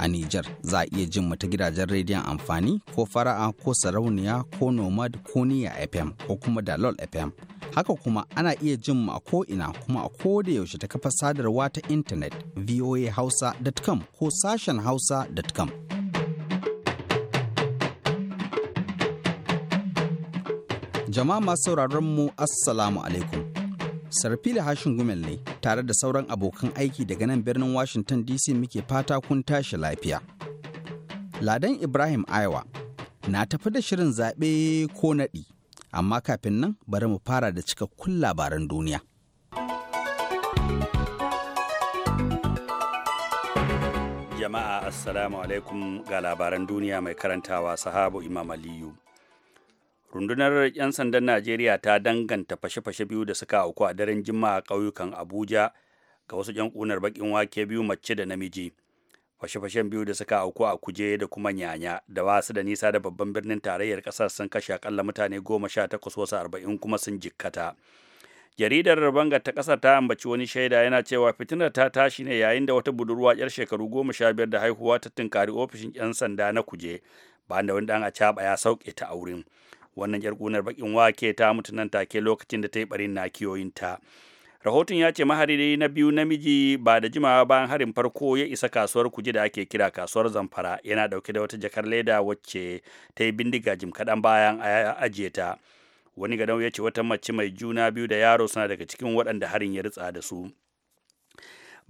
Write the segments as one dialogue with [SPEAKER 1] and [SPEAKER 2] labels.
[SPEAKER 1] a Nijar za a iya jin ta gidajen rediyon amfani ko fara'a ko sarauniya ko nomad ko niya FM ko kuma dalol FM. Haka kuma ana iya jin mu a ko'ina kuma a ko da yaushe ta kafa sadarwa ta intanet voahausa.com ko sashen hausa.com. Jama'a masu sauraron mu Assalamu alaikum. sarfila hashin ne tare da sauran abokan aiki daga nan birnin washington dc muke fata kun tashi lafiya ladan ibrahim aiwa na tafi da shirin zaɓe ko naɗi amma kafin nan bari mu fara da cikakkun labaran duniya
[SPEAKER 2] jama'a assalamu alaikum ga labaran duniya mai karantawa sahabu imam aliyu rundunar 'yan sandan najeriya ta danganta fashe-fashe biyu da suka auku a daren jima'a a ƙauyukan abuja ga wasu 'yan ƙunar baƙin wake biyu mace da namiji fashe-fashen biyu da suka auku a kuje da kuma nyanya da ba su da nisa da babban birnin tarayyar ƙasar sun kashe akalla mutane goma sha takwas wasu arba'in kuma sun jikkata jaridar rabanga ta ƙasa ta ambaci wani shaida yana cewa fitinar ta tashi ne yayin da wata budurwa 'yar shekaru goma sha biyar da haihuwa ta tunkari ofishin 'yan sanda na kuje ba da wani ɗan a ya sauke ta auren. wannan yar gunar bakin wake ta mutu nan take lokacin da ta yi barin na ta. rahoton ya ce mahari na biyu namiji ba da jimawa bayan harin farko ya isa kasuwar kuje da ake kira kasuwar zamfara yana dauke da wata jakar leda wacce ta yi bindiga jim kaɗan bayan a ajiye ta wani gadau ya ce wata mace mai juna biyu da yaro suna daga cikin waɗanda harin ya ritsa da su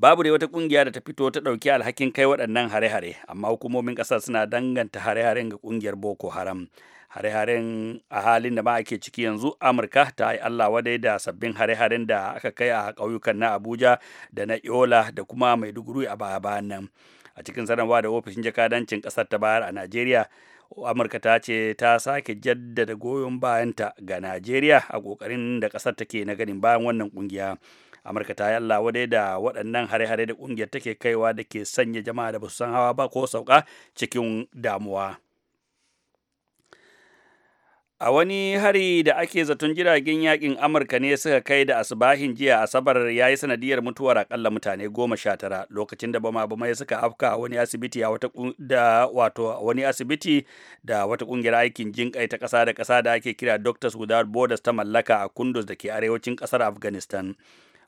[SPEAKER 2] babu dai wata kungiya da ta fito ta dauki alhakin kai waɗannan hare-hare amma hukumomin ƙasar suna danganta hare-haren ga kungiyar boko haram hare-haren a halin da ma ake ciki yanzu amurka ta yi allah wadai da sabbin hare-haren da aka kai a ƙauyukan na abuja da na iola da kuma maiduguri a baya-bayan nan a cikin sanarwa da ofishin jakadancin ƙasar ta bayar a najeriya amurka ta ce ta sake jaddada goyon bayanta ga najeriya a ƙoƙarin da ƙasar take na ganin bayan wannan ƙungiya amurka ta yalla wadai da waɗannan hare-hare da ƙungiyar take kaiwa da ke sanya jama'a da ba su san hawa ba ko sauka cikin damuwa a wani hari da ake zaton jiragen yakin amurka ne suka kai da asibahin jiya asabar ya yi sanadiyar mutuwar akalla mutane goma sha tara lokacin da bama bama suka afka a wani asibiti da wata kungiyar aikin jinkai ta kasa da kasa da ake kira doctors without borders ta mallaka a kundus da ke arewacin kasar afghanistan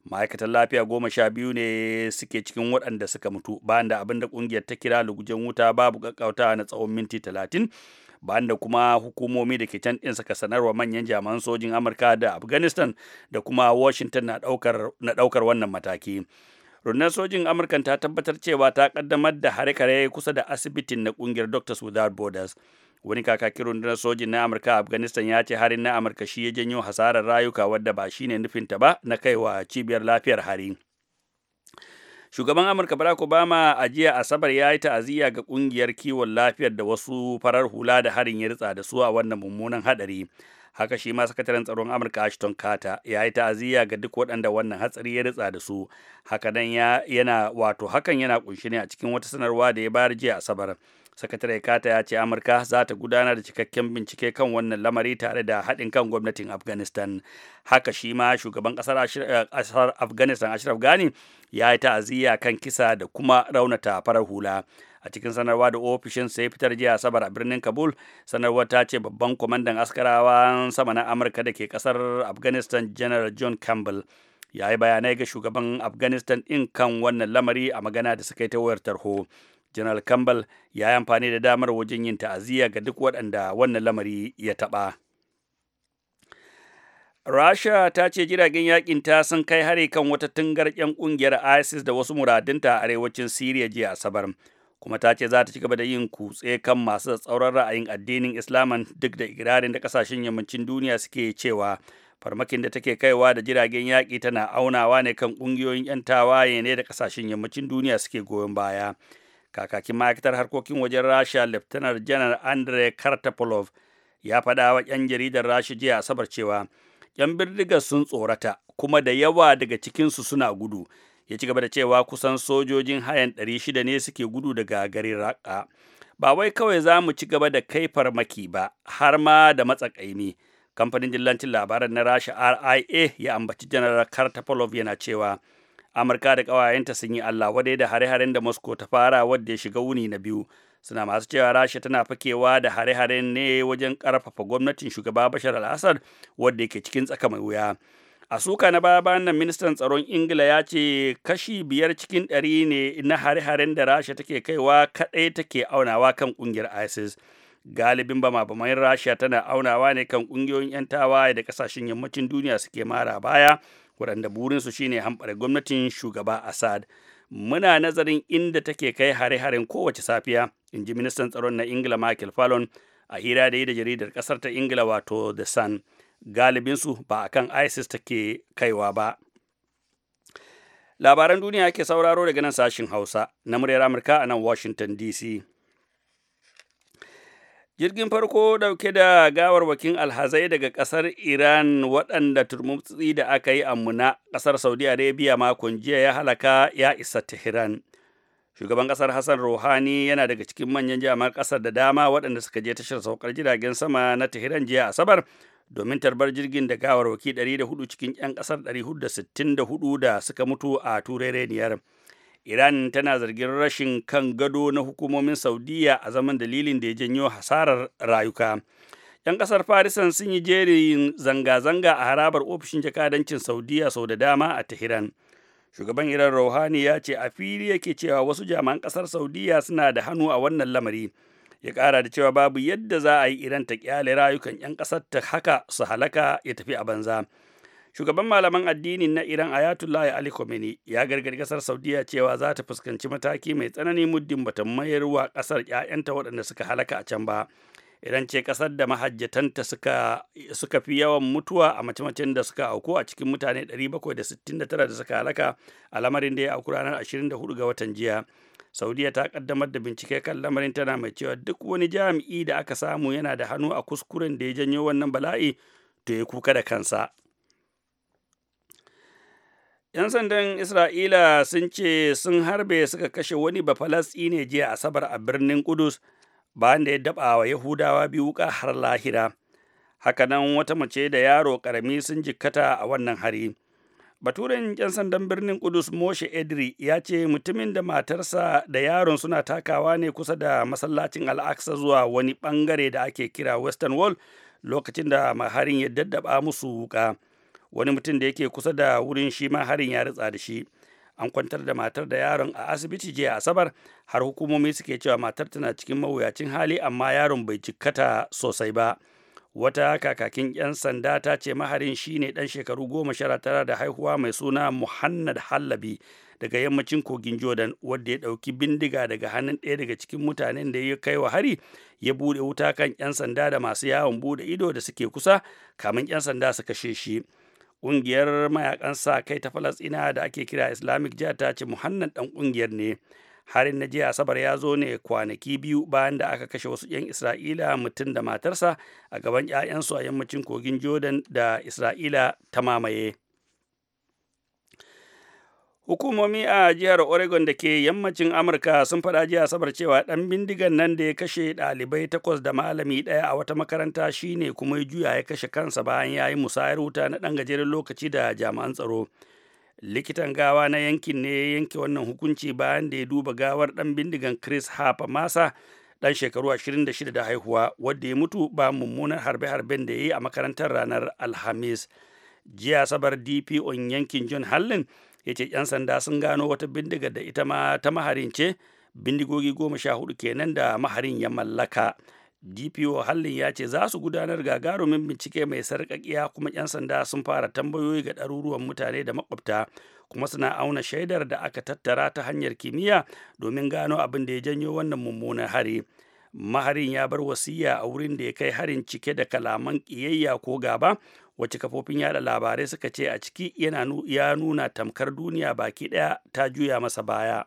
[SPEAKER 2] ma'aikatan lafiya goma sha biyu ne suke cikin waɗanda suka mutu bayan da abin da ƙungiyar ta kira lugujen wuta babu ƙaƙƙautawa na tsawon minti talatin bayan da kuma hukumomi da ke can ɗin suka sanarwa manyan jami'an sojin amurka da afghanistan da kuma washington na ɗaukar wannan mataki rundunar sojin amurka ta tabbatar cewa ta ƙaddamar da hare-hare kusa da asibitin na ƙungiyar dr without borders wani kakakin rundunar sojin na amurka a afghanistan ya ce harin na amurka shi ya janyo hasarar rayuka wadda ba shine nufinta ba na kaiwa cibiyar lafiyar hari shugaban amurka barack obama a jiya asabar ya yi ta'aziyya ga kungiyar kiwon lafiyar da wasu farar hula da harin ya ritsa da su a wannan mummunan hadari haka shi ma sakataren tsaron amurka ashton kata ya yi ta'aziyya ga duk waɗanda wannan hatsari ya ritsa da su hakanan yana wato hakan yana kunshi ne a cikin wata sanarwa da ya bayar jiya asabar sakatare kata ya ce amurka za ta gudanar da cikakken bincike kan wannan lamari tare da haɗin kan gwamnatin afghanistan haka shi ma shugaban ƙasar eh, afghanistan ashraf ghani ya yi ta'aziyya kan kisa da kuma raunata farar hula a cikin sanarwa da ofishin sai fitar jiya asabar a birnin kabul sanarwar ta ce babban kwamandan askarawan sama na amurka da ke kasar afghanistan general john campbell ya yi bayanai ga shugaban afghanistan in kan wannan lamari a magana da suka yi ta wayar tarho general campbell ya yi amfani da damar wajen yin ta'aziyya ga duk waɗanda wannan lamari ya taɓa Rasha ta ce jiragen yakin ta sun kai hari kan wata tungar 'yan kungiyar ISIS da wasu muradinta a arewacin Siriya jiya Asabar. kuma ta ce za ta ci gaba da yin kutse kan masu tsauran ra'ayin addinin islaman duk da ikirarin da kasashen yammacin duniya suke cewa farmakin da take kaiwa da jiragen yaƙi tana aunawa ne kan ƙungiyoyin 'yan tawaye ne da kasashen yammacin duniya suke goyon baya kakakin ma'aikatar harkokin wajen rasha leftanar janar andre kartapolov ya faɗa wa 'yan jaridar rasha jiya asabar cewa 'yan birdigar sun tsorata kuma da yawa daga cikinsu suna gudu ya ci gaba da cewa kusan sojojin hayan 600 ne suke gudu daga garin raka ba wai kawai za mu ci gaba da kai farmaki ba har ma da matsakaimi kamfanin dillancin labaran na rasha ria ya ambaci janar kartapolov yana cewa amurka da ƙawayenta sun yi allah wadai da hare-haren da moscow ta fara wadda ya shiga wuni na biyu suna masu cewa rasha tana fakewa da hare-haren ne wajen ƙarfafa gwamnatin shugaba bashar al-assad wadda yake cikin tsaka mai wuya a suka na baya bayan nan ministan tsaron ingila ya ce kashi biyar cikin ɗari ne na hare-haren da rasha take kaiwa kaɗai take aunawa kan ƙungiyar isis galibin bama bamayin rasha tana aunawa ne kan ƙungiyoyin 'yan tawaye da ƙasashen yammacin duniya suke mara baya waɗanda burinsu shine hamɓare gwamnatin shugaba assad muna nazarin inda take kai hare-haren kowace safiya in ji ministan tsaron na ingila michael fallon a hira da yi da jaridar ƙasar ta ingila wato the sun galibinsu ba a kan isis take kaiwa ba labaran duniya ke sauraro daga nan sashin hausa na muryar amurka a nan washington dc jirgin farko dauke da gawarwakin alhazai daga kasar iran waɗanda turmutsi da aka yi a muna kasar saudi arabia makon jiya ya halaka ya isa tehran shugaban ƙasar hassan ruhani yana daga cikin manyan jami'an kasar da dama waɗanda suka je tashar saukar jiragen sama na tehran jiya asabar domin tarbar jirgin da gawar waki 104 cikin 'yan kasar 464 da suka mutu a turereniyar iran tana zargin rashin kan gado na hukumomin saudiya a zaman dalilin da ya janyo hasarar rayuka 'yan kasar farisan sun yi jerin zanga-zanga a harabar ofishin jakadancin saudiya sau da dama a tehran shugaban iran rouhani ya ce a fili yake cewa wasu jami'an kasar saudiya suna da hannu a wannan lamari ya ƙara da cewa babu yadda za a yi iran ta kyale rayukan 'yan ƙasar ta haka su halaka ya tafi a banza shugaban malaman addini na iran ayatollah ali khomeini ya gargadi kasar saudiya cewa za ta fuskanci mataki mai tsanani muddin bata mayar wa kasar 'ya'yanta waɗanda suka halaka a can ba iran ce kasar da mahajjatanta suka, suka fi yawan mutuwa a mace-macen da suka auku a cikin mutane 769 da suka halaka a lamarin da ya auku ranar 24 ga watan jiya saudiya ta kaddamar da bincike kan lamarin tana mai cewa duk wani jami'i da aka samu yana da hannu a kuskuren da ya janyo wannan bala'i to ya kuka da kansa 'Yan sandan Isra'ila sun ce sun harbe suka kashe wani ne jiya Asabar a birnin Kudus bayan da ya daba wa Yahudawa biyu wuka har lahira. Hakanan wata mace da yaro karami sun jikkata a wannan hari. Baturen 'yan sandan birnin Kudus Moshe Edri ya ce mutumin da matarsa da yaron suna takawa ne kusa da masallacin al'aksa zuwa wani bangare da ake kira Western Wall lokacin da maharin ya daddaba musu wuka. Wani mutum da yake kusa da wurin shi maharin ya ritsa da shi. An kwantar da matar da yaron a asibiti jiya Asabar har hukumomi suke cewa matar tana cikin mawuyacin hali amma yaron bai jikkata sosai ba. wata kakakin 'yan sanda ta ce maharin shine dan shekaru goma sha tara da haihuwa mai suna muhannad hallabi daga yammacin kogin jordan wadda ya ɗauki bindiga daga hannun ɗaya daga cikin mutanen da ya kai wa hari ya buɗe wuta kan 'yan sanda da masu yawon buɗe ido da suke kusa kamin 'yan sanda su kashe shi ƙungiyar mayakan sa kai ta falasɗina da ake kira islamic jihar ta ce muhannan ɗan ƙungiyar ne harin na jiya asabar ya zo ne kwanaki biyu bayan da aka kashe wasu 'yan isra'ila mutum da matarsa a gaban 'ya'yansu a yammacin kogin jordan da isra'ila ta mamaye hukumomi a jihar oregon da ke yammacin amurka sun faɗa jiya asabar cewa ɗan bindigan nan da ya kashe ɗalibai takwas da malami ɗaya a wata makaranta shine kuma ya juya ya kashe kansa bayan ya yi musayar wuta na ɗan gajeren lokaci da jami'an tsaro likitan gawa na yankin ne ya yanke wannan hukunci bayan da ya duba gawar dan bindigan chris harper masa dan shekaru 26 da haihuwa wadda ya mutu ba mummunar harbe-harben da ya yi a makarantar ranar alhamis jiya sabar dpo yankin john hallin ya ce 'yan sanda sun gano wata bindiga da ita ma ta maharin ce bindigogi goma sha hudu kenan da maharin ya mallaka DPO Hallin ya ce za su gudanar gagarumin bincike mai sarƙaƙiya kuma 'yan sanda sun fara tambayoyi ga ɗaruruwan mutane da maƙwabta kuma suna auna shaidar da aka tattara ta hanyar kimiyya domin gano abin da ya janyo wannan mummunan hari. Maharin ya bar wasiya a wurin da ya kai harin cike da kalaman ƙiyayya ko gaba wacce kafofin yada labarai suka ce a ciki yana ya nuna tamkar duniya baki ɗaya ta juya masa baya.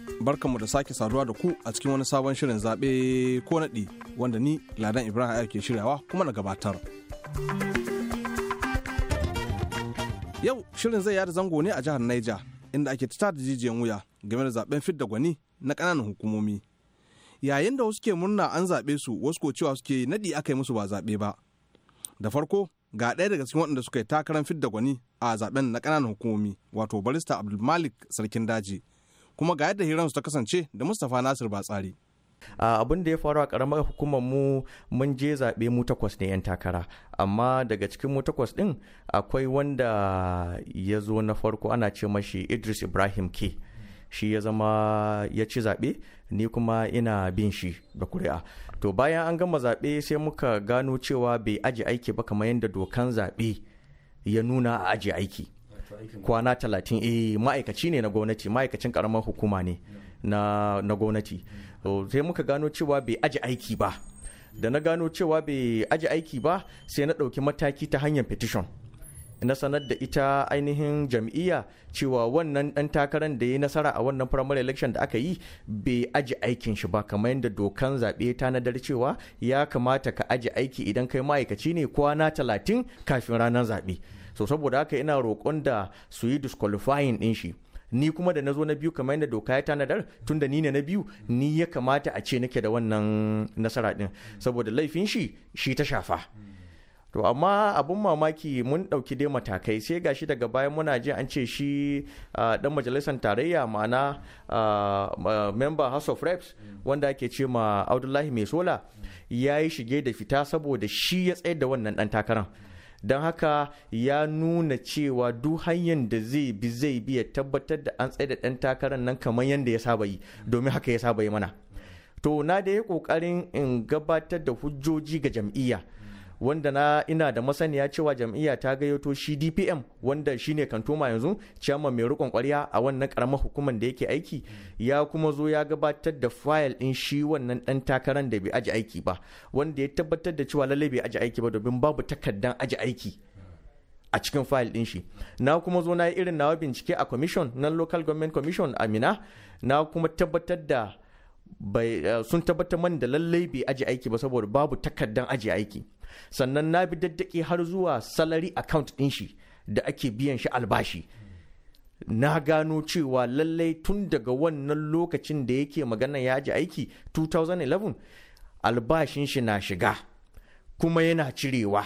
[SPEAKER 3] barkanmu da sake saduwa da ku a cikin wani sabon shirin zaɓe ko naɗi wanda ni Ladan Ibrahim ke shiryawa kuma na gabatar. Yau shirin zai yada zango ne a jihar Niger inda ake ta da jijiyan wuya game da zaɓen fidda gwani na ƙananan hukumomi. Yayin da wasu ke murna an zaɓe su wasu ko cewa suke naɗi aka yi musu ba zaɓe ba. Da farko ga ɗaya daga cikin waɗanda suka yi takarar fidda gwani a zaɓen na ƙananan hukumomi wato barista Abdulmalik Sarkin Daji. kuma ga yadda hiransu ta kasance da mustapha nasir batsari abin da ya
[SPEAKER 4] faru a karamar hukumar mu mun je zaɓe mu takwas ne 'yan takara amma daga cikin mu takwas ɗin akwai wanda ya zo na farko ana ce mashi idris ibrahim ke shi ya zama ya ci zaɓe ni kuma ina bin shi da kuri'a to bayan an gama zaɓe sai muka gano cewa bai aji aiki ba kamar yadda dokan zaɓe ya nuna a aji aiki kwana talatin eh ma'aikaci ne na gwamnati ma'aikacin karamar hukuma ne na gwamnati sai muka gano cewa bai aji aiki ba da na gano cewa bai aji aiki ba sai na ɗauki mataki ta hanyar petition na sanar da ita ainihin jam'iyya cewa wannan ɗan takarar da ya nasara a wannan primary election da aka yi bai aji aikin shi ba kamar yadda dokan zaɓe ta nadar cewa ya kamata ka aji aiki idan kai ma'aikaci ne kwana talatin kafin ranar zaɓe. so saboda haka ina roƙon da su yi disqualifying din shi ni kuma da na zo na biyu kamar yadda doka ya tanadar tun da ni ne na biyu ni ya kamata a ce nake da wannan nasara din saboda laifin shi shi ta shafa to amma abun mamaki mun dauki dai matakai sai gashi daga bayan muna ji an ce shi dan majalisar tarayya ma'ana member house of reps wanda ake ce ma abdullahi mai sola ya yi shige da fita saboda shi ya tsayar da wannan dan takarar don haka ya nuna cewa duk hanyar da zai bi zai bi ya tabbatar da an tsaye da ɗan takarar nan kamar yadda ya saba yi domin haka ya saba yi mana to na da ya ƙoƙarin in gabatar da hujjoji ga jam'iyya wanda na ina da masaniya cewa jam'iyya ta gayyato shi DPM wanda shine kantoma yanzu chairman mai rikon kwarya a wannan karamar hukumar da yake aiki ya kuma zo ya gabatar da fayil din shi wannan dan takaran da bai aji aiki ba wanda ya tabbatar da cewa lallai bai aji aiki ba domin babu takardan aji aiki a cikin fayil din shi na kuma zo na yi irin nawa bincike a commission na local government commission amina na kuma tabbatar da eh, sun tabbatar man da lallai bai aji aiki ba saboda babu takardan aji aiki sannan na bi daddake har zuwa salary account ɗin shi da ake biyan shi albashi na gano cewa lallai tun daga wannan lokacin da yake magana ya ji aiki 2011 albashin shi na shiga kuma yana cirewa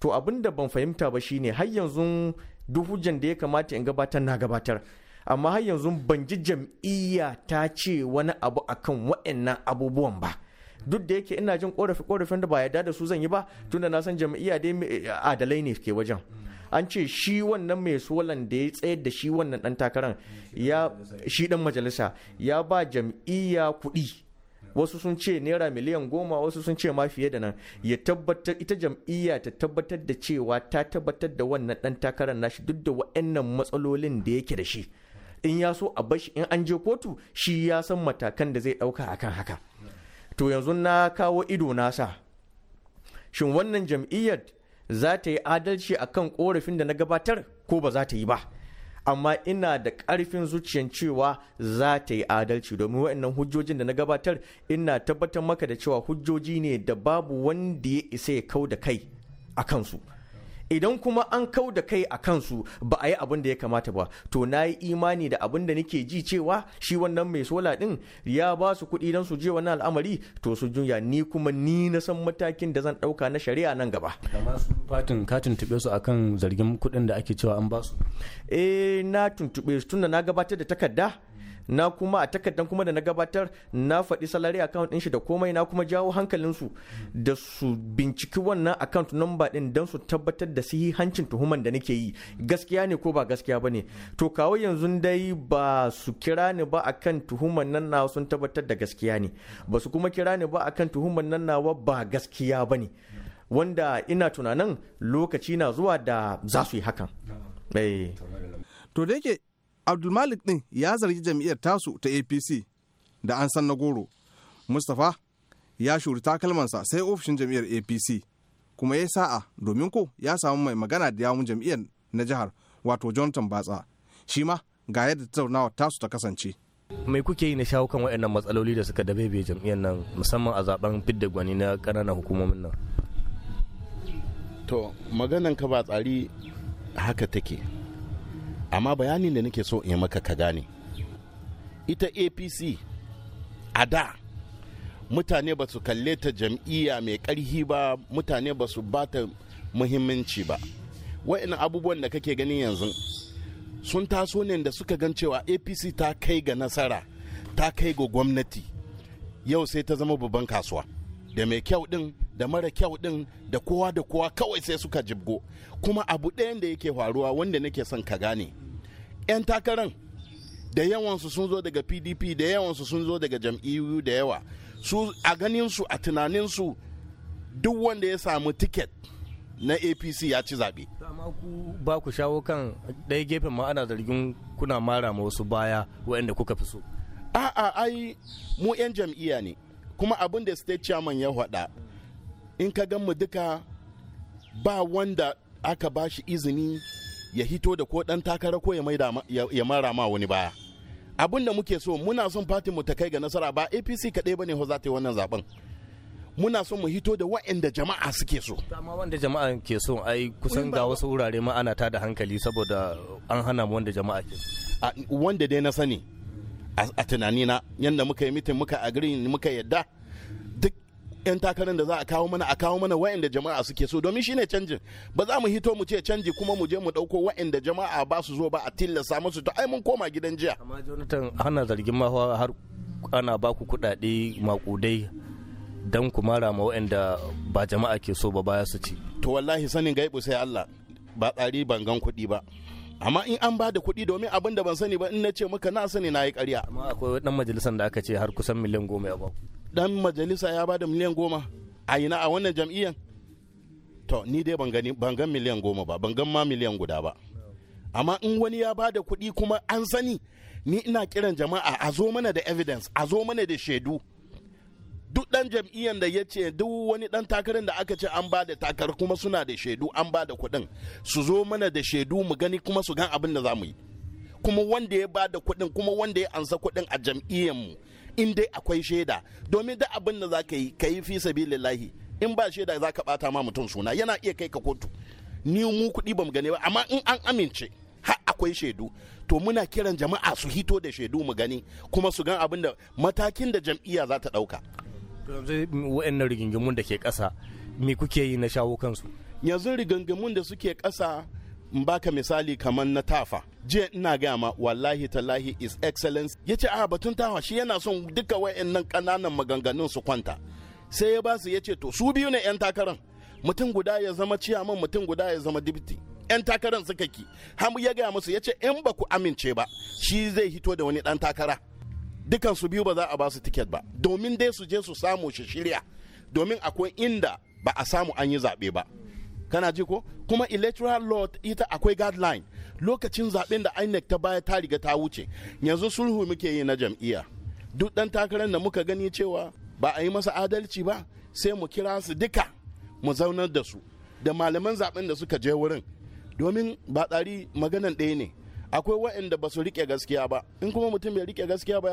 [SPEAKER 4] to abin da ban fahimta ba shine har yanzu duk hujjan da ya kamata in gabatar na gabatar amma har yanzu ban ji jam'iyya ta ce wani abu akan waɗannan abubuwan ba duk da yake ina jin korafi korafin da ba yarda da su zan yi ba tunda na san jam'iyya dai eh, adalai ne ke wajen an ce shi wannan mai solan da ya tsayar da shi wannan dan takarar ya shi dan majalisa ya ba jam'iyya kuɗi wasu sun ce naira miliyan goma wasu sun ce ma fiye da nan ya tabbatar ita jam'iyya ta tabbatar da cewa ta tabbatar da wannan dan takarar nashi duk da wa'annan matsalolin da yake da shi in ya so a bashi in an je kotu shi ya san matakan da zai ɗauka akan haka. to yanzu na kawo ido nasa shin wannan jam'iyyar za ta yi adalci a kan korafin da na gabatar ko ba za ta yi ba amma ina da ƙarfin zuciyan cewa za ta yi adalci domin waɗannan hujjojin da na gabatar ina tabbatar maka da cewa hujjoji ne da babu wanda ya isa ya kau da kai a kansu idan kuma an kau da kai a kansu ba a yi abin da ya kamata ba to na yi imani da abin da nake ji cewa shi wannan mai sola din ya ba su kuɗi don su je wannan al'amari to su juya ni kuma ni na san matakin da zan ɗauka na shari'a nan gaba.
[SPEAKER 5] fatin ka tuntuɓe su akan zargin kuɗin da ake cewa an ba su. eh na tuntuɓe su tunda na gabatar
[SPEAKER 4] da takarda na kuma a takardan kuma da na gabatar na faɗi salari account ɗin shi da komai na kuma jawo hankalinsu da su binciki wannan account number ɗin don su tabbatar da sihihancin tuhuman da nake yi gaskiya ne ko ba gaskiya ba ne to kawo yanzu dai ba su kira ni ba akan tuhuman nan nawa sun tabbatar da gaskiya ne ba su kuma kira ni ba akan tuhuman nan nawa ba gaskiya ba ne wanda ina tunanin lokaci
[SPEAKER 3] na zuwa da za su yi hakan. abdulmalik din ya zargi jam'iyyar tasu ta apc da an san na goro mustapha ya shuri takalmansa sai ofishin jam'iyyar apc kuma ya sa'a domin ko ya samu mai magana da yawun jam'iyyar na jihar wato jonathan batsa shi ma ga yadda tattaunawa tasu ta kasance
[SPEAKER 5] mai kuke yi na shawo kan waɗannan matsaloli da suka dabe bai jam'iyyar nan musamman a zaben fidda gwani na ƙananan hukumomin nan to maganan
[SPEAKER 6] ka ba tsari haka take amma bayanin da nake so in maka ka gane ita apc a da mutane ba su kalle ta jam'iyya mai karhi ba mutane ba su ba ta muhimmanci ba wa'in abubuwan da kake ganin yanzu sun taso ne da suka gan cewa apc ta kai ga nasara ta kai ga gwamnati yau sai ta zama babban kasuwa da mai kyau din da mara kyau din da kowa da kowa kawai sai suka jibgo kuma abu ɗayan da yake faruwa wanda nake son ka gane 'yan takaran da yawansu sun zo daga pdp da yawansu sun zo daga jam'iyyu da yawa su a ganinsu a tunaninsu duk wanda ya samu tiket na apc ya ci
[SPEAKER 5] zaɓe. ku ba ku shawo kan ɗaya gefen ma ana zargin kuna mara ma wasu baya waɗanda kuka fi so a'a ai mu 'yan jam'iyya ne kuma abin da
[SPEAKER 6] state chairman ya faɗa in ka gan mu duka ba wanda aka ba shi izini ya hito da ko dan takara ko ya mara ma wani baya abin da muke so muna son fatin mu ta kai ga nasara ba apc kaɗai ba ne za ta yi wannan zaben muna son mu hito da wa'anda jama'a suke so
[SPEAKER 5] amma wanda jama'a ke so ai kusan ga wasu wurare ma ana tada hankali saboda an hana mu wanda jama'a ke wanda
[SPEAKER 6] dai na sani a tunanina yadda muka yi mitin muka agree muka yadda 'yan takarar da za a kawo mana a kawo mana wa'anda jama'a suke so domin shine canjin ba za mu hito mu ce canji kuma mu je mu dauko wa'anda jama'a ba su zo ba a tilasta musu to ai mun koma gidan jiya
[SPEAKER 5] amma Jonathan hana zargin ma har ana ba ku kuɗaɗe makudai dan ku mara ma wa'anda ba jama'a ke so ba baya su ci to wallahi sanin gaibu sai
[SPEAKER 6] Allah ba tsari ban gan kuɗi ba amma in an ba da kuɗi domin abin da ban sani ba in na ce maka na sani na yi ƙarya amma akwai ɗan majalisar da aka ce har kusan miliyan goma ya ba ɗan majalisa ya ba da miliyan goma a ina a wannan jam'iyyar to ni dai ban gani ban gan miliyan goma ba ban gan ma miliyan guda ba amma in wani ya ba da kuɗi kuma an sani ni ina kiran jama'a a zo mana da evidence a zo mana da shaidu duk dan jam'iyyar da ya ce duk wani dan takarar da aka ce an ba da takar kuma suna da shaidu an ba da kuɗin su zo mana da shaidu mu gani kuma su gan abin da za mu yi kuma wanda ya ba da kuɗin kuma wanda ya ansa kuɗin a jam'iyyar mu in dai akwai shaida domin duk abin da za ka yi ka yi fi sabilillahi in ba shaida za ka bata ma mutum suna yana iya kai ka kotu ni mu kuɗi bamu gani ba amma in an amince har akwai shaidu to muna kiran jama'a su hito da shaidu mu gani kuma su gan abin da matakin da jam'iyya za ta ɗauka
[SPEAKER 5] wa'annan rigingimun da ke ƙasa me kuke yi na shawo kansu yanzu rigingimun da
[SPEAKER 6] suke ƙasa baka misali kamar na tafa jiya ina gaya ma wallahi talahi is excellence ya ce a ah, batun tafa shi yana son duka wa'annan ƙananan maganganun su kwanta sai ya basu ya ce to su biyu ne 'yan takarar mutum guda ya zama ciyaman mutum guda ya zama dibiti 'yan takarar suka ki har ya gaya musu ya ce in ba ku amince ba shi zai hito da wani ɗan takara dukansu biyu ba za a ba su tiket ba domin dai su je su samu shi shirya domin akwai inda ba a samu an yi zaɓe ba kana ji ko kuma electoral law ita akwai guideline lokacin zaɓen da inec ta baya ta riga ta wuce yanzu sulhu muke yi na jam'iyya duk ɗan takarar da muka gani cewa ba a yi masa adalci ba sai mu kira su duka mu zaunar da su da malaman zaɓen da suka je wurin domin ba tsari maganan ɗaya ne akwai waɗanda ba su rike gaskiya ba in kuma mutum bai rike gaskiya ba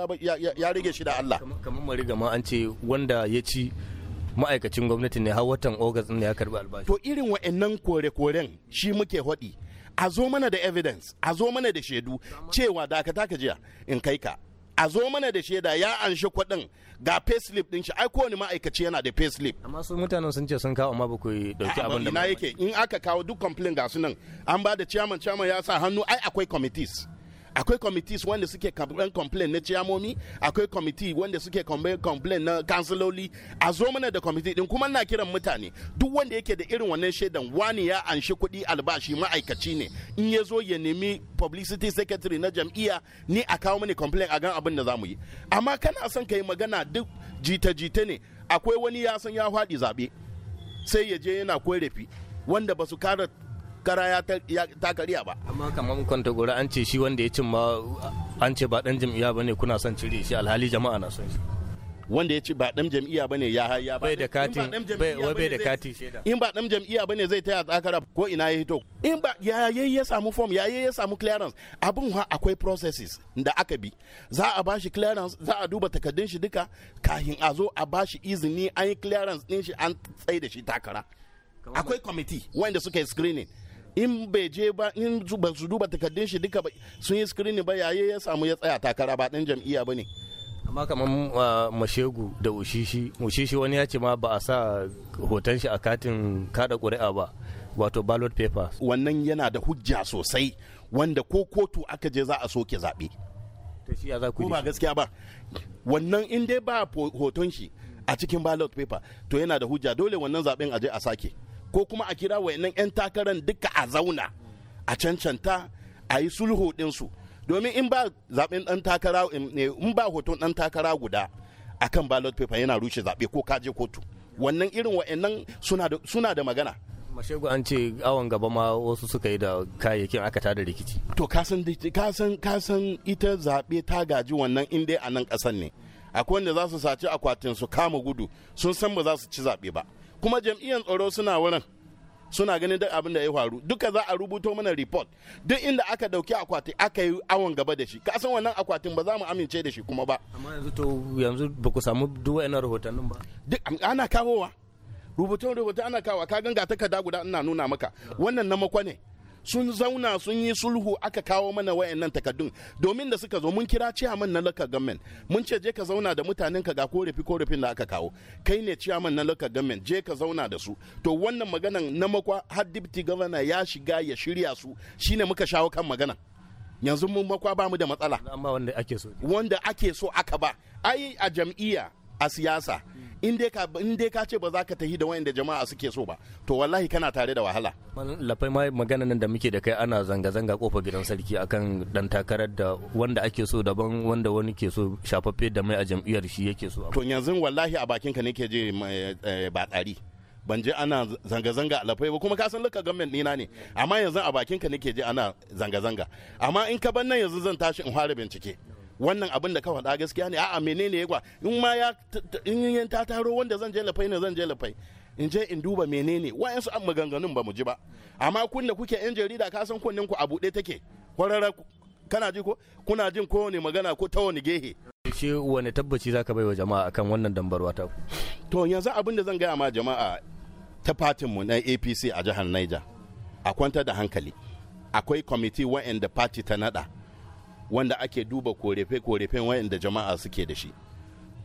[SPEAKER 6] ya rage shi da Allah
[SPEAKER 5] kamar mari gama an ce wanda ya ci ma'aikacin gwamnati ne har watan August ne ya karbi albashi to irin waɗannan kore-koren
[SPEAKER 6] shi muke hodi a zo mana da evidence a zo mana da shaidu cewa dakata ka jiya in kai ka a zo mana da shaida ya anshi kuɗin ga pay slip din shi ai kowane ma'aikaci yana da
[SPEAKER 5] pay slip. amma su mutanen sun ce sun kawo amma ba ku dauki abin da ina
[SPEAKER 6] yake in aka kawo duk complain ga su nan an ba da chairman chairman ya sa hannu ai akwai committees akwai committees wanda suke complain na ciyamomi akwai committee wanda suke complain na kansiloli a zo mana da committee din kuma na kiran mutane duk wanda yake da irin wannan shaidan wani ya anshi kuɗi albashi ma'aikaci ne in ya zo ya nemi publicity secretary na jam'iyya ni a kawo mini complain a gan abin da za mu yi amma kana son ka yi magana duk jita-jita ne akwai wani ya san ya faɗi zaɓe sai ya je yana korafi wanda ba su kara kara ya ta kariya ba
[SPEAKER 5] amma kamar kwanta gora an ce shi wanda ya cin ma an ce ba dan jam'iyya ba ne kuna son cire shi alhali jama'a na son shi wanda ya ci ba dan jam'iyya ba ya ya bai da kati bai da
[SPEAKER 6] in ba dan jam'iyya ne zai taya tsakara ko ina ya hito in ba ya yayi ya samu form ya yayi ya samu clearance abin ha akwai processes da aka bi za a bashi clearance za a duba takardun shi duka kafin a zo a bashi izini an yi clearance din shi an tsaye da shi takara akwai committee wanda suka yi screening in bai je ba in ba su duba takardun shi duka sun yi screening ba yaye ya samu ya tsaya takara ba dan jam'iyya bane
[SPEAKER 5] amma kamar uh, mashegu da ushishi ushishi wani ya ce ma ba a sa hoton shi a katin kada ƙuri'a ba wato ballot paper
[SPEAKER 6] wannan yana da hujja sosai wanda ko kotu aka je za a soke zaɓe ko ba gaskiya ba wannan in dai ba hoton shi a cikin ballot paper to yana da hujja dole wannan zaɓen a je a sake ko kuma a kira wayannan 'yan takarar duka a zauna a cancanta a yi sulhu dinsu domin in ba zaben ɗan takara eh, in ba hoton ɗan takara guda akan ballot paper yana rushe zaɓe ko kaje kotu wannan irin wayannan suna da magana
[SPEAKER 5] mashego an ce awon gaba ma wasu suka yi da kayayyakin aka tada rikici
[SPEAKER 6] to kasan kasan kasan ita zaɓe ta gaji wannan in dai a nan ƙasan ne akwai wanda za su saci akwatin su kama gudu sun san ba za su ci zaɓe ba kuma jam'iyyar tsaro suna wurin suna ganin duk abin da ya faru duka za a rubuto mana report duk inda aka dauki akwati aka yi awon gaba da shi ka san wannan akwatin ba za mu amince da shi kuma ba
[SPEAKER 5] amma yanzu to yanzu ba ku samu duk wani rahotannin ba duk
[SPEAKER 6] ana kawowa rubutun rubutun ana kawowa ka ganga takarda guda ina nuna maka wannan na makwa ne sun zauna sun yi sulhu aka kawo mana wayannan takaddun domin da suka zo mun kira ciyaman na local government mun ce je ka zauna da mutanen ka ga korafi korafin da aka kawo kai ne ciyaman na local government je ka zauna da su to wannan maganan na makwa har deputy governor ya shiga ya shirya su shine muka shawo kan magana yanzu mun makwa ba mu da matsala wanda ake so aka ba ai a jam'iyya a siyasa in dai ka in ka ce ba za ka tahi da wayanda jama'a suke so ba to wallahi kana tare da wahala
[SPEAKER 5] lafai ma magana nan da muke da kai ana zanga zanga kofa gidan sarki akan dan takarar da wanda ake so daban wanda wani ke so shafaffe da mai a jam'iyyar shi yake so to yanzu wallahi a bakin ka nake
[SPEAKER 6] je eh, eh, ba tsari ban je ana zanga-zanga a lafai ba kuma ka san lukar gamen nina ne amma yanzu a bakin ka nake je ana zanga-zanga amma in ka ban nan yanzu zan tashi in fara bincike wannan abin da ka faɗa gaskiya ne a'a menene ya kwa in ma ya in yan ta taro wanda zan je lafai ne zan je lafai in je in duba menene wayansu an maganganun ba mu ji ba amma kun da kuke yan jarida ka san kunnen ku a buɗe take kwararra kana ji ko kuna jin kowane magana ko ta wani gehe
[SPEAKER 5] shi wani tabbaci zaka bai wa jama'a akan wannan dambarwa ta
[SPEAKER 6] to yanzu abin da zan gaya ma jama'a ta fatinmu na apc a jihar niger a kwanta da hankali akwai kwamiti wa'anda party ta nada wanda ake duba korefe-korefen wayanda jama'a suke da shi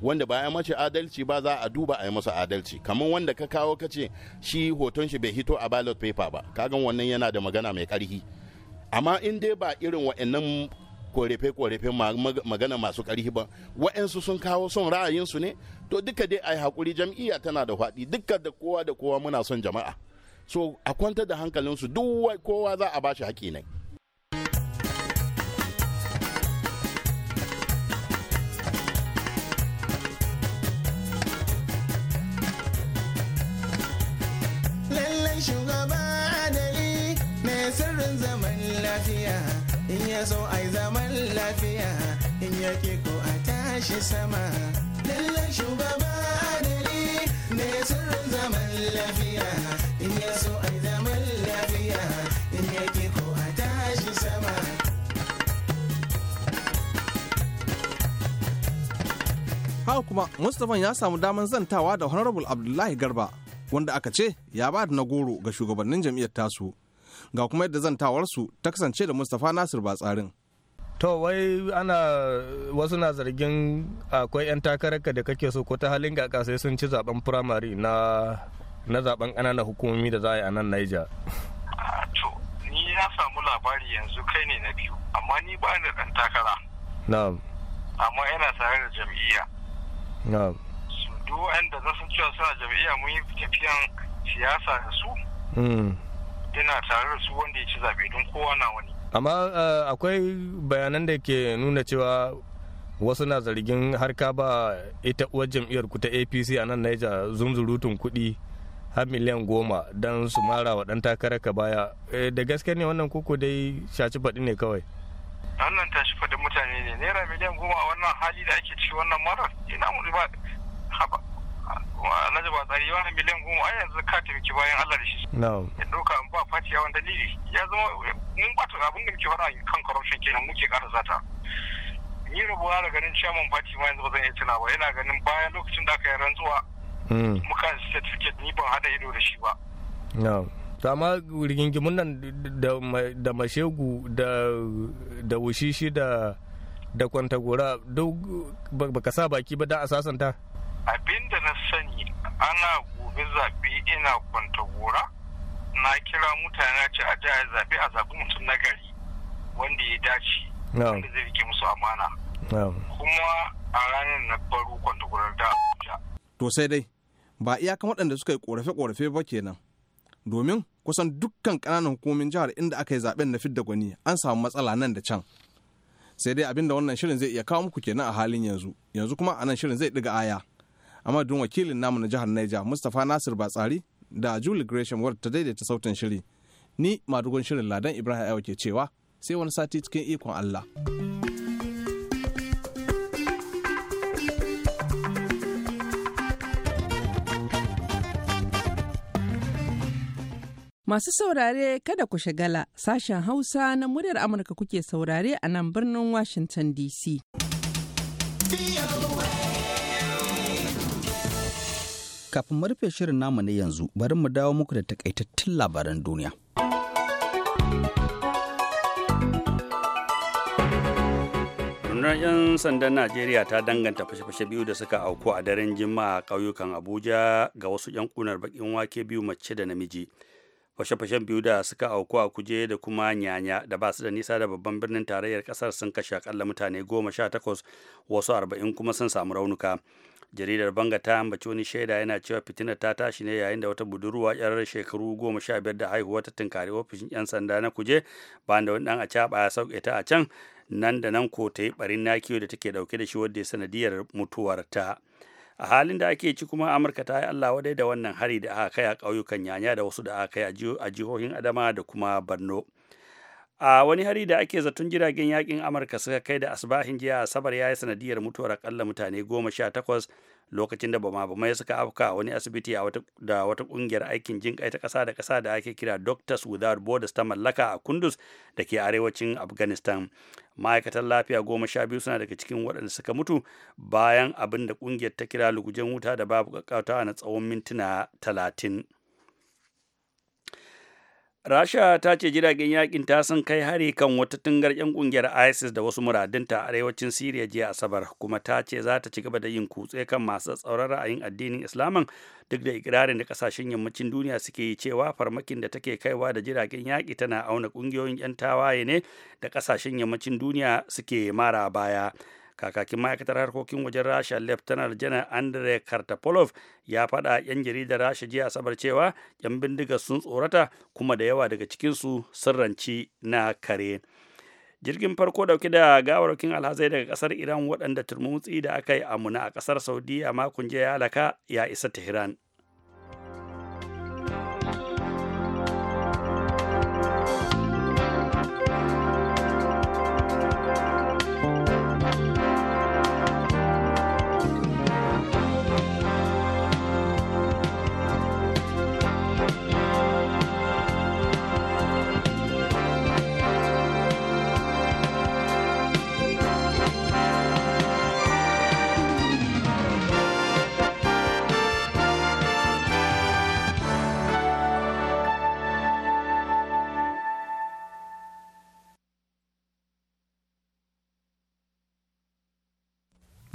[SPEAKER 6] wanda ba ya mace adalci ba za a duba a yi masa adalci kamar wanda ka kawo ka ce shi hoton shi bai hito a ballot paper ba kagan wannan yana da magana mai karhi amma in dai ba irin wa'annan korefe-korefe magana masu karhi ba wa'ansu sun kawo son ra'ayinsu ne to duka dai a yi haƙuri jam'iyya tana da faɗi duka da kowa da kowa muna son jama'a so a kwantar da hankalinsu duk kowa za a bashi haƙi ne
[SPEAKER 4] in ya so ai zaman lafiya in ya ke ko a tashi sama lallan shugaba adali
[SPEAKER 6] ne sirrin zaman lafiya in ya so ai zaman lafiya in ya ke ko a tashi sama
[SPEAKER 3] haka kuma mustapha ya samu damar zantawa da honorable abdullahi garba wanda aka ce ya ba da na goro ga shugabannin jam'iyyar tasu ga kuma yadda zantawarsu ta kasance da mustapha nasir ba tsarin.
[SPEAKER 5] to wai ana wasu na zargin akwai 'yan takararka da kake so ko ta halin ga sai sun ci zaben firamare na na zaben ƙananan hukumomi da za a yi a nan Niger.
[SPEAKER 7] to ni na samu labari yanzu kai ne na biyu amma ni ba da ɗan takara na'am amma yana tare da jam'iyya na'am su duk wanda na san cewa suna jam'iyya mun yi tafiyan siyasa da su hmm. tana tare da su wanda ya ci zaɓe don
[SPEAKER 5] kowa na wani amma eh, akwai bayanan da ke nuna cewa wasu na zargin har ka ba ita uwar jam'iyyar ku ta apc a nan naija zunzurutun kuɗi har miliyan goma don su mara wa ɗan takarar ka baya eh, da gaske ne wannan kuku dai shaci faɗi ne kawai wannan
[SPEAKER 7] tashi faɗi mutane ne naira miliyan goma a wannan hali da ake ci wannan marar ina mu ba haba ji ba tsari wannan miliyan goma a yanzu ka taimaki bayan allah da shi
[SPEAKER 5] ya ɗauka
[SPEAKER 7] ce dalili ya zama mun bata abin da muke faɗa kan corruption kenan muke ƙara zata ni rabuwa da ganin chairman party ma yanzu ba zan iya tuna ba yana ganin bayan lokacin da aka yi rantsuwa hmm. muka certificate ni ban hada ido da shi ba
[SPEAKER 5] to amma rigingimun nan da mashegu da wushishi da da kwantagora duk baka sa baki ba da asasanta
[SPEAKER 7] abinda na sani ana gobe zaɓe ina kwantagora na kira mutane ce a jaya zaɓe a zaɓi mutum na gari wanda ya dace wanda zai rike musu amana kuma a ranar na baro kwantakwarar da
[SPEAKER 3] to sai dai ba iyakan waɗanda suka yi ƙorafe-ƙorafe ba kenan domin kusan dukkan ƙananan hukumomin jihar inda aka yi zaɓen na fidda gwani an samu matsala nan da can sai dai abinda wannan shirin zai iya kawo muku kenan a halin yanzu yanzu kuma a nan shirin zai ɗiga aya amma don wakilin namu na jihar naija Mustapha Nasir Batsari da Julie Gresham Ward ta daidaita sautin shiri. Ni madugon shirin Ladan Ibrahim Ayo ke cewa sai wani sati cikin ikon Allah.
[SPEAKER 6] Masu saurare kada ku
[SPEAKER 1] shagala sashen Hausa na muryar Amurka kuke saurare a nan birnin Washington DC. kafin mu shirin namu na yanzu bari mu dawo muku da takaitattun labaran duniya.
[SPEAKER 2] rundunar 'yan sandan najeriya ta danganta fashe-fashe biyu da suka auku a daren jima'a a ƙauyukan abuja ga wasu 'yan kunar bakin wake biyu mace da namiji fashe-fashen biyu da suka auku a kuje da kuma nyanya da ba su da nisa da babban birnin tarayyar kasar sun kashe akalla mutane goma sha takwas wasu arba'in kuma sun samu raunuka jaridar banga ta ambaci wani shaida yana cewa fitinar ta tashi ne yayin da wata budurwa yar shekaru goma sha biyar da haihuwa ta tunkari ofishin yan sanda na kuje bayan da wani dan a caɓa ya sauke ta a can nan da nan ko ta yi barin nakiyo da take ɗauke da shi wadda ya sanadiyar mutuwarta. ta a halin da ake ci kuma amurka ta yi allah wadai da wannan hari da aka kai a ƙauyukan yanya da wasu da aka kai a jihohin adama da kuma borno a wani hari da ake zaton jiragen yakin amurka suka kai da asibahin jiya asabar ya yi sanadiyar mutuwar akalla mutane goma sha takwas lokacin da bama bamai suka afka wani asibiti da wata kungiyar aikin jin ta kasa da kasa da ake kira doctors without borders ta mallaka a kundus da ke arewacin afghanistan ma'aikatan lafiya goma sha biyu suna daga cikin waɗanda suka mutu bayan abin da kungiyar ta kira lugujen wuta da babu kakkautawa na tsawon mintuna talatin Rasha ta ce jiragen yakin ta sun kai hari kan wata tungar 'yan kungiyar ISIS da wasu muradinta a arewacin Siriya jiya Asabar kuma ta ce za ta ci gaba da yin kutse kan masu tsauran ra'ayin addinin Islaman duk da ikirarin da kasashen yammacin duniya suke yi cewa farmakin da take kaiwa da jiragen yaki tana auna kungiyoyin 'yan tawaye ne da kasashen yammacin duniya suke mara baya. kakakin ma'aikatar harkokin wajen rasha leftanar janar andre kartapolov ya faɗa 'yan jaridar rasha jiya asabar cewa 'yan bindiga sun tsorata kuma da yawa daga cikinsu sun ranci na kare jirgin farko dauke da gawarwakin alhazai daga kasar iran waɗanda turmutsi da aka yi amuna a kasar saudiya makon jiya ya halaka ya isa tehran